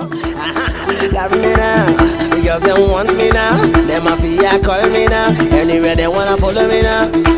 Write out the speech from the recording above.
Love me now, because them want me now. Them mafia call me now. Anywhere they wanna follow me now.